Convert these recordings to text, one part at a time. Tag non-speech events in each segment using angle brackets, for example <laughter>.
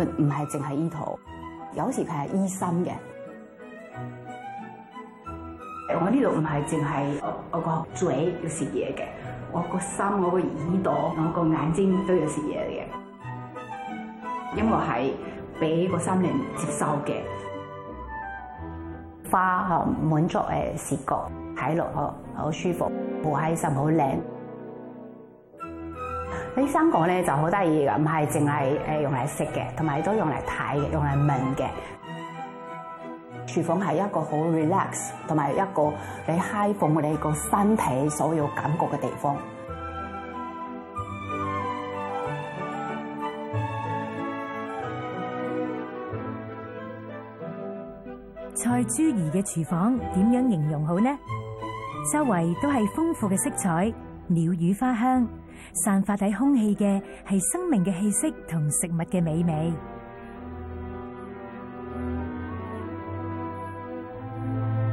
唔係淨係醫肚，有時係醫心嘅。我呢度唔係淨係我個嘴，要食嘢嘅，我個心、我個耳朵、我個眼睛都要食嘢嘅。音樂係俾個心靈接受嘅花係，滿足誒視覺睇落去好舒服，坐喺心好靚。呢三個咧就好得意噶，唔係淨係誒用嚟食嘅，同埋都用嚟睇嘅，用嚟聞嘅。廚房係一個好 relax，同埋一個你開放你個身體所有感覺嘅地方。蔡珠兒嘅廚房點樣形容好呢？周圍都係豐富嘅色彩，鳥語花香。散發喺空氣嘅係生命嘅氣息同食物嘅美味，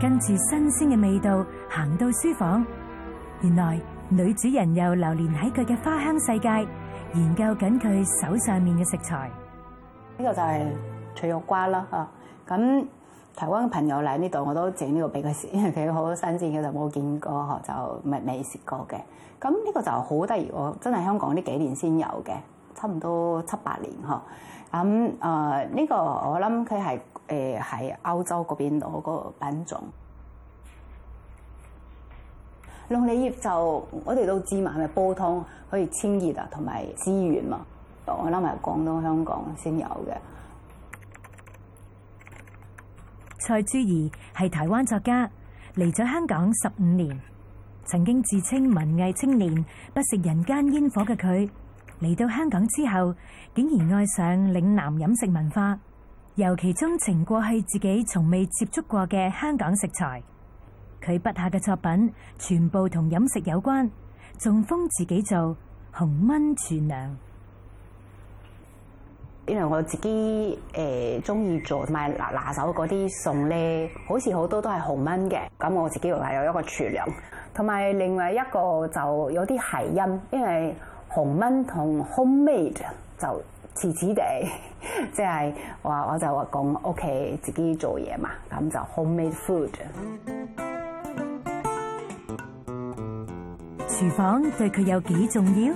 跟住新鮮嘅味道行到書房，原來女主人又流連喺佢嘅花香世界，研究緊佢手上面嘅食材。呢個就係脆肉瓜啦，吓咁。台灣嘅朋友嚟呢度，我都整呢個俾佢食，因為佢好新鮮，佢就冇見過就未未食過嘅。咁呢個就好得意，我真係香港呢幾年先有嘅，差唔多七八年呵。咁誒呢個我諗佢係誒喺歐洲嗰邊攞個品種。龍脷葉就我哋都知，嘛，係咪煲湯可以清熱啊，同埋滋潤嘛。我諗係廣東香港先有嘅。蔡珠兒係台灣作家，嚟咗香港十五年，曾經自稱文藝青年、不食人間煙火嘅佢，嚟到香港之後，竟然愛上嶺南飲食文化，尤其鍾情過去自己從未接觸過嘅香港食材。佢筆下嘅作品全部同飲食有關，仲封自己做「紅炆廚娘」。因為我自己誒中意做，同埋拿拿手嗰啲餸咧，好似好多都係紅炆嘅。咁我自己又係有一個廚娘，同埋另外一個就有啲諧音，因為紅炆同 homemade 就似似地，即係話我我就話講屋企自己做嘢嘛，咁就 homemade food。廚房對佢有幾重要？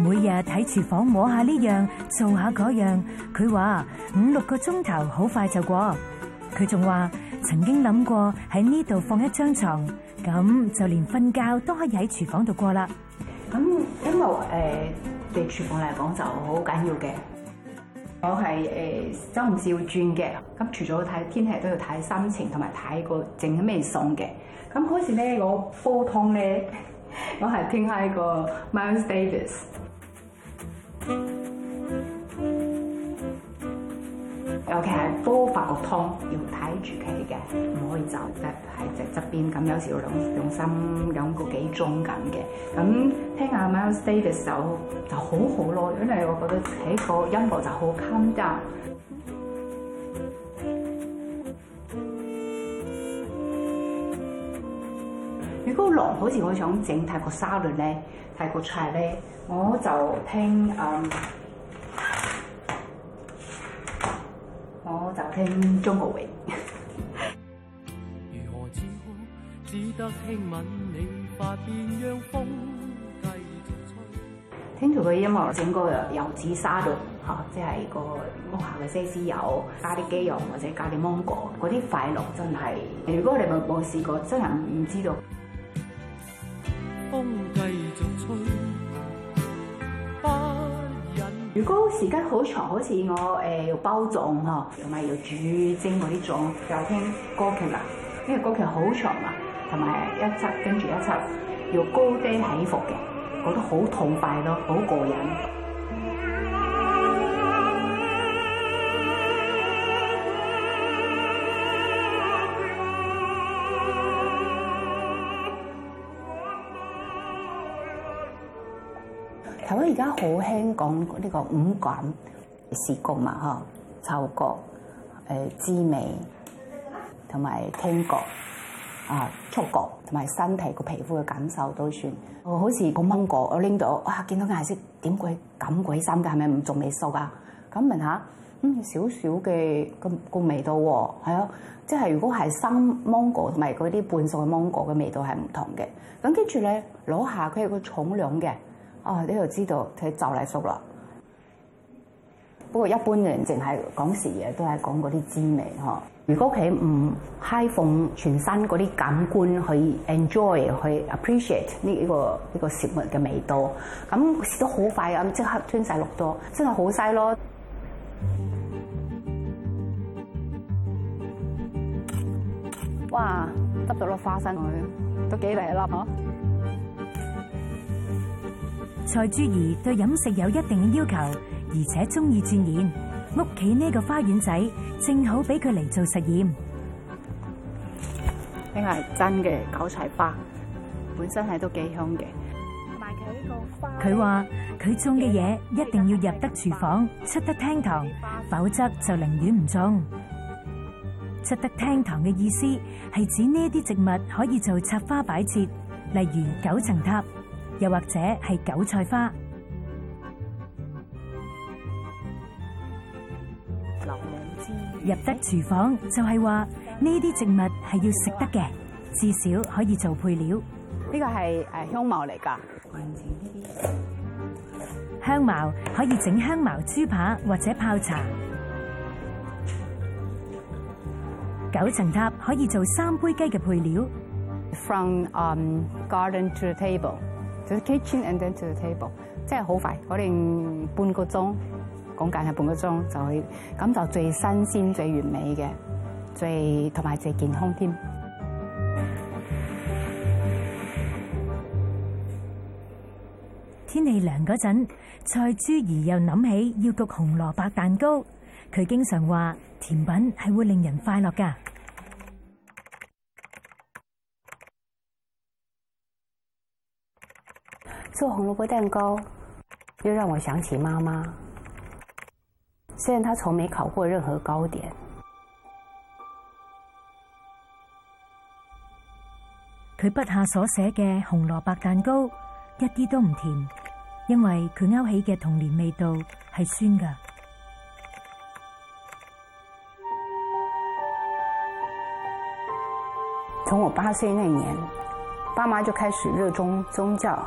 每日喺廚房摸下呢樣，做下嗰樣，佢話五六個鐘頭好快就過。佢仲話曾經諗過喺呢度放一張床，咁就連瞓覺都可以喺廚房度過啦。咁因為誒，對廚房嚟講就好緊要嘅。我係誒周唔時會轉嘅，咁除咗睇天氣都要睇心情同埋睇個整咩餸嘅。咁嗰時咧，我煲湯咧，我係聽下個《Miles Davis》。尤其係煲法國湯要睇住佢嘅，唔可以就側喺側側邊。咁有時候要用用心飲個幾鐘咁嘅。咁聽阿 Melody 嘅時候就好好咯，因為我覺得佢個音樂就好堪嘅。 <music> 如果落好似我想整泰國沙律咧、泰國菜咧，我就聽嗯。聽張國榮。 <laughs> 聽住個音樂，整個柚子沙律，吓、啊、即係個屋下嘅些豉油，加啲雞肉或者加啲芒果，嗰啲快樂真係，如果你冇試過，真係唔知道。風繼續如果時間好長，好似我要、呃、包粽嗬，同埋要煮蒸嗰啲粽，就聽歌劇啦，因、這、為、個、歌劇好長啊，同埋一輯跟住一輯，要高低起伏嘅，覺得好痛快咯，好過癮。而家好興講呢個五感視覺嘛嗬，嗅覺、誒、呃、滋味同埋聽覺啊，觸覺同埋身體個皮膚嘅感受都算。我、哦、好似個芒果，我拎到哇、啊，見到顏色，點鬼咁鬼深嘅係咪唔仲未熟啊？咁聞下，嗯，少少嘅個、這個味道喎、哦，係啊，即係如果係生芒果同埋嗰啲半熟嘅芒果嘅味道係唔同嘅。咁跟住咧攞下佢係個重量嘅。哦，你就知道佢就嚟熟啦。不過一般嘅人淨係講食嘢都係講嗰啲滋味呵。如果佢唔開放全身嗰啲感官去 enjoy、去 appreciate 呢一個呢、呢個食物嘅味道那，咁食得好快啊！即刻吞晒落肚，真係好犀咯。哇，執到粒花生去，都幾大粒嚇～蔡珠兒對飲食有一定嘅要求，而且中意鑽研。屋企呢個花園仔正好俾佢嚟做實驗。呢個係真嘅韭菜花，本身係都幾香嘅。同埋佢呢個花，佢話佢種嘅嘢一定要入得廚房、出得廳堂，否則就寧願唔種。出得廳堂嘅意思係指呢啲植物可以做插花擺設，例如九層塔。又或者係韭菜花。入得廚房就係話呢啲植物係要食得嘅，至少可以做配料。呢個係誒香茅嚟㗎。香茅可以整香茅豬扒或者泡茶，九層塔可以做三杯雞嘅配料。From, um, garden to the table。To the kitchen, and then to the table，真係好快，可能半個鐘，講緊係半個鐘就可以咁就最新鮮、最完美嘅，最同埋最健康添。天氣涼嗰陣，蔡珠兒又諗起要焗紅蘿蔔蛋糕。佢經常話：甜品係會令人快樂㗎。做紅蘿蔔蛋糕，又讓我想起媽媽。雖然她從沒烤過任何糕點，佢筆下所寫嘅紅蘿蔔蛋糕一啲都唔甜，因為佢勾起嘅童年味道係酸㗎。從我八歲那年，爸媽就開始熱衷宗教。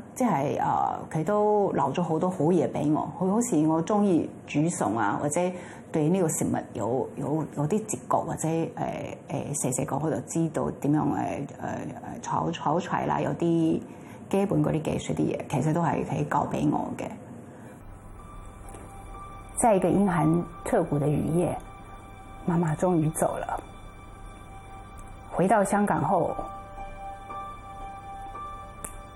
即係誒，佢、呃、都留咗好多好嘢俾我。佢好似我鍾意煮餸啊，或者對呢個食物有有有啲直覺，或者誒誒細細個我就知道點樣誒誒、呃、炒炒菜啦，有啲基本嗰啲技術啲嘢，其實都係佢教俾我嘅。在一個陰寒徹骨嘅雨夜，媽媽終於走了。回到香港後。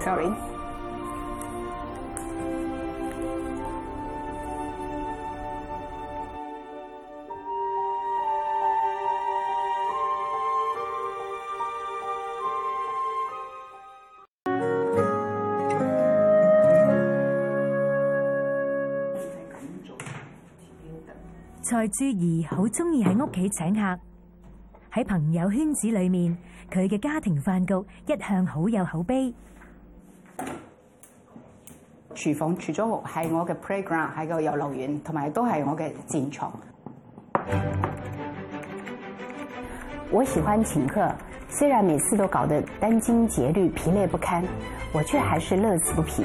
Sorry. 蔡珠兒好鍾意喺屋企請客，喺朋友圈子裏面，佢嘅家庭飯局一向好有口碑。廚房、廚房我係我嘅 playground，係個遊樂園，同埋都係我嘅戰場。我喜歡請客，雖然每次都搞得殫精竭慮、疲累不堪，我卻還是樂此不疲。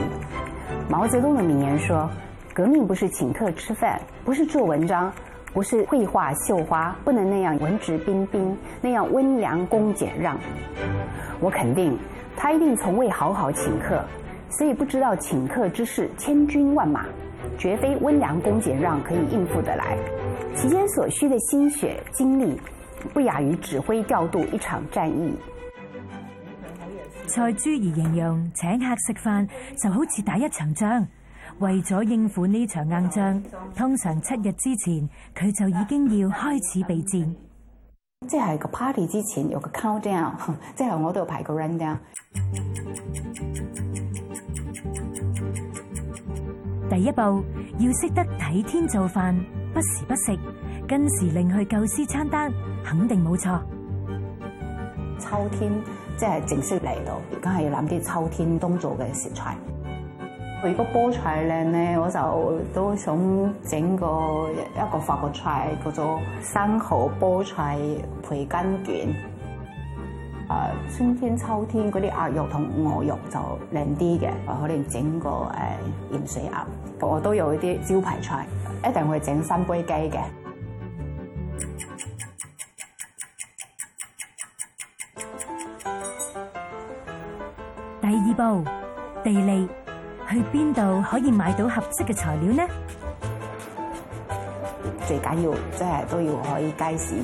毛澤東的名言說：革命不是請客吃飯，不是做文章，不是繪畫繡花，不能那樣文質彬彬，那樣溫良恭儉讓。我肯定，他一定從未好好請客。所以不知道請客之事，千軍萬馬，絕非温良恭儉讓可以應付得來。其間所需的心血精力，不亞於指揮調度一場戰役。蔡珠兒形容請客食飯就好似打一場仗，為咗應付呢場硬仗，通常七日之前佢就已經要開始備戰。即係個 party 之前有個 countdown，即係我都有排個 rundown 第一步要識得睇天做飯，不時不食，跟時令去構思餐單，肯定冇錯。秋天即係正式嚟到，而家係要諗啲秋天冬做嘅食材。如果菠菜靚咧，我就都想整個一個法國菜，叫做生蠔菠菜培根卷。春天、秋天嗰啲鴨肉同鵝肉就靚啲嘅，我可能整個誒鹽水鴨，我都有啲招牌菜，一定會整三杯雞嘅。第二步，地利，去邊度可以買到合適嘅材料呢？最緊要即係、就是、都要可以街市。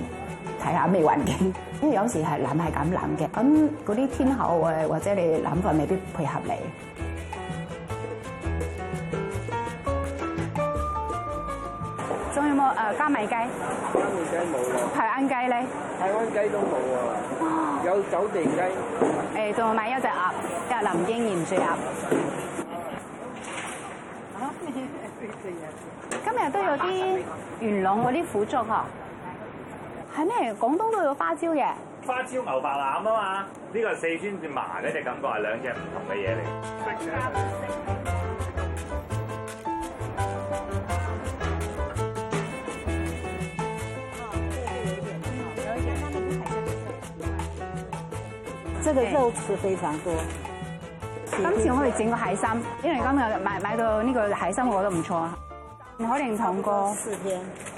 睇下咩環境，因為有時係諗係咁諗嘅，咁嗰啲天候誒，或者你諗法未必配合你。仲有冇誒加米雞？加米雞冇喎。泰安雞咧？泰安雞都冇喎。有走地雞。誒，仲買一隻鴨，即係林邊鹽水鴨。今日都有啲元朗嗰啲腐竹係咩？廣東都有花椒嘅，花椒牛白腩啊嘛！呢個四川至麻嗰隻感覺係兩隻唔同嘅嘢嚟。呢度有一隻，有一隻海參。呢個肉質非常多。今次我哋整個海參，因為今日買到呢個海參，我覺得唔錯啊。唔可唔同過四天。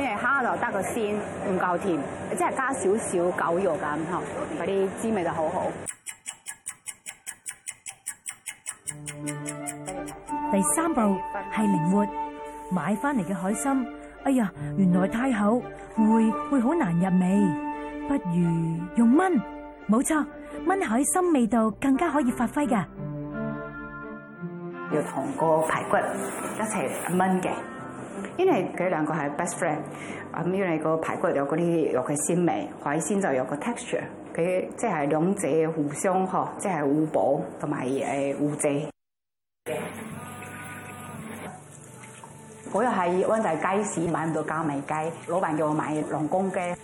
因為蝦就得個鮮，唔夠甜，即係加少少狗肉咁嗬，嗰啲滋味就好好。第三步係靈活，買翻嚟嘅海參，哎呀，原來太厚，會會好難入味，不如用炆。冇錯，炆海參味道更加可以發揮㗎。要同個排骨一齊炆嘅。因為佢兩個係 best friend，咁因為個排骨有嗰啲肉嘅鮮味，海鮮就有個 texture，佢即係兩者互相呵，即係互補同埋誒互借。我又喺安大街市買唔到加味雞，老闆叫我買龍宮雞。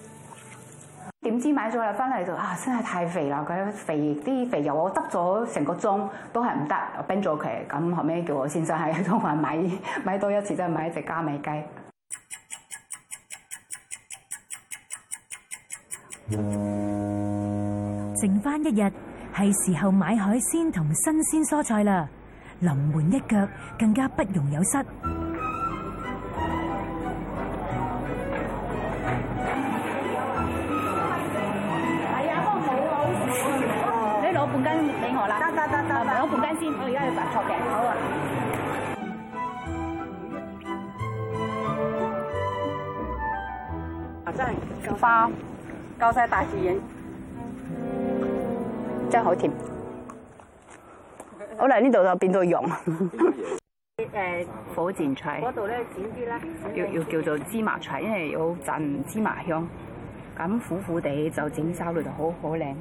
點知買咗啦？翻嚟就啊，真係太肥啦！佢肥啲肥油，我揼咗成個鐘都係唔得，我冰咗佢。咁後尾叫我先生喺同我買買多一次，真係買一隻加味雞。剩翻一日係時候買海鮮同新鮮蔬菜啦！臨門一腳更加不容有失。真係花，教晒大自然，真係好甜。好啦呢度就變到溶。誒， <laughs> 火箭菜嗰度咧剪啲咧，要要叫做芝麻菜，因為有陣芝麻香，咁苦苦地就整沙律就好好靚。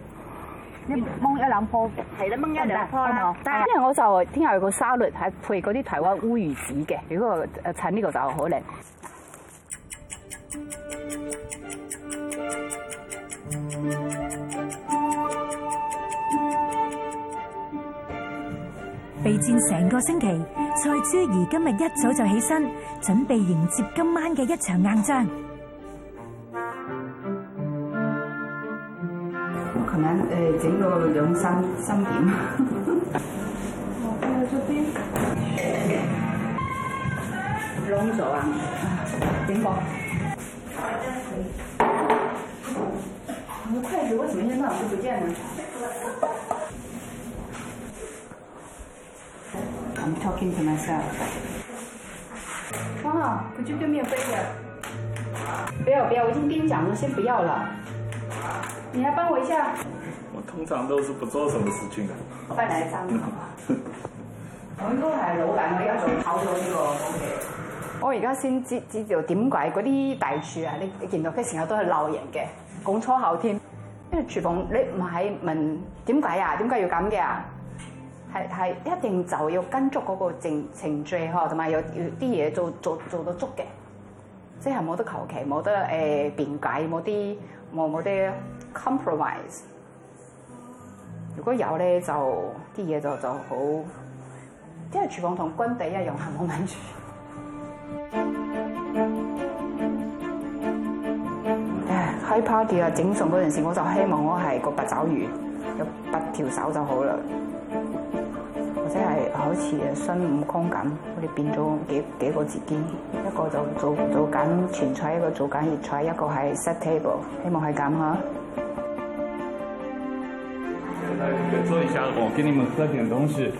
你掹一兩棵，係啦，掹一兩棵。但係因為我就聽日個沙律係配嗰啲台灣烏魚子嘅，如果襯呢個就好靚。備戰成個星期，蔡珠兒今日一早就起身，準備迎接今晚嘅一場硬仗。我琴晚誒整咗兩三三點。我喺出邊，窿咗啊？點講？你快啲，我前面那碗就不見啦。媽，不去，oh, 啊，對面飛了。啊，不要不要，我已經跟你講了，先不要了。啊，你來幫我一下。我通常都是不做什麼事情號 <laughs> 的。搬來張。我們珠海樓盤嘛，要炒到呢個我而家先知知道，點解嗰啲大廚啊，你你見到佢成日都係鬧人嘅，講粗口添。因為廚房你唔係問，點解啊？點解要咁嘅啊？係係，一定就要跟足嗰個程，程序呵，同埋有要啲嘢做做做到足嘅，即係冇得求其，冇得誒辯解，冇啲冇冇啲 compromise。如果有咧，就啲嘢就就好。因為廚房同軍地一樣，冇民主。誒，High party 啊，整餸嗰陣時， <music> 我就希望我係個八爪魚， <music> 有八條手就好啦。好似孫悟空咁，我哋變咗幾幾個自己，一個就做做緊前菜，一個做緊熱菜，一個係 set table。希望係咁吓？來，坐一下，我給你們喝點東西。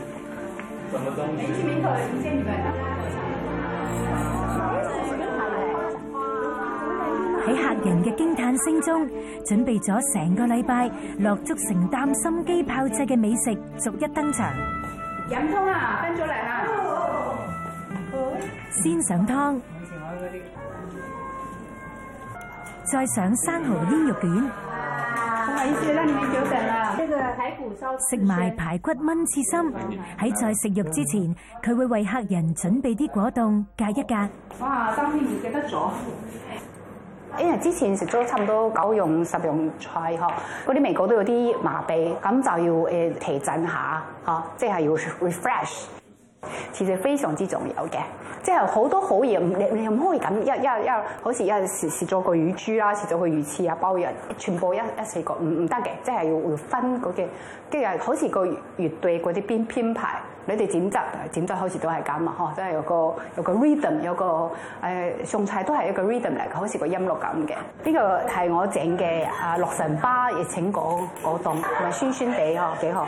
什麼東西？喺客人嘅驚嘆聲中，準備咗成個禮拜、落足承擔心機炮製嘅美食，逐一登場。飲湯啊，分咗嚟吓，先上湯，再上生蠔煙肉卷。不好意思，讓你們久等啦。這個排骨燒，食埋排骨炆刺身。喺再食肉之前，佢會為客人準備啲果凍，隔一隔。哇，今天唔記得咗。因為之前食咗差唔多九樣十樣菜嗬，嗰啲味覺都有啲麻痹，咁就要誒提振一下，即係要 refresh。其實非常之重要嘅，即係好多好嘢，你你又唔可以咁一一一，好似有陣時切切咗個魚珠啦，切咗個魚翅啊，包入全部一一四個唔唔得嘅，即係要，要分嗰啲，跟住好似個樂隊嗰啲編編排，你哋剪輯剪輯好似都係咁啊，嗬，都係有個有個 rhythm，有個誒餸、呃、菜都係一個 rhythm 嚟，嘅，好似個音樂咁嘅。呢、呢個係我整嘅啊，洛神花熱情果果凍同埋酸酸地呵，幾好。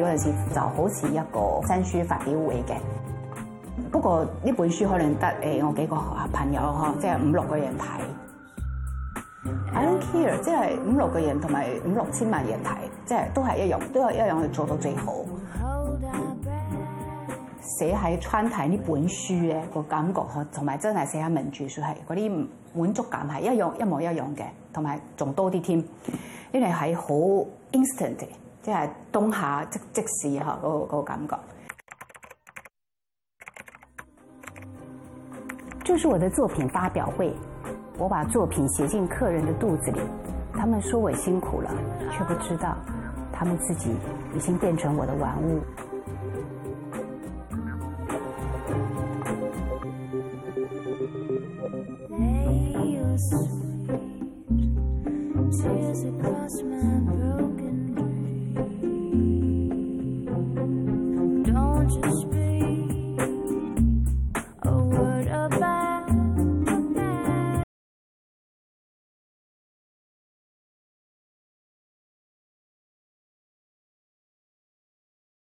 嗰陣時就好似一個新書發表會嘅，不過呢本書可能得誒我幾個朋友呵，即係五六個人睇。I don't care，即係五六個人同埋五六千萬人睇，即係都係一樣，都係一樣去做到最好。寫喺窗台呢本書咧個感覺同埋真係寫喺民著算係嗰啲滿足感係一樣一模一樣嘅，同埋仲多啲添，因為係好 instant。即係冬夏即即是嗰個嗰個感覺，這是我的作品發表會，我把作品寫進客人的肚子裏，他們說我辛苦了，卻不知道，他們自己已經變成我的玩物。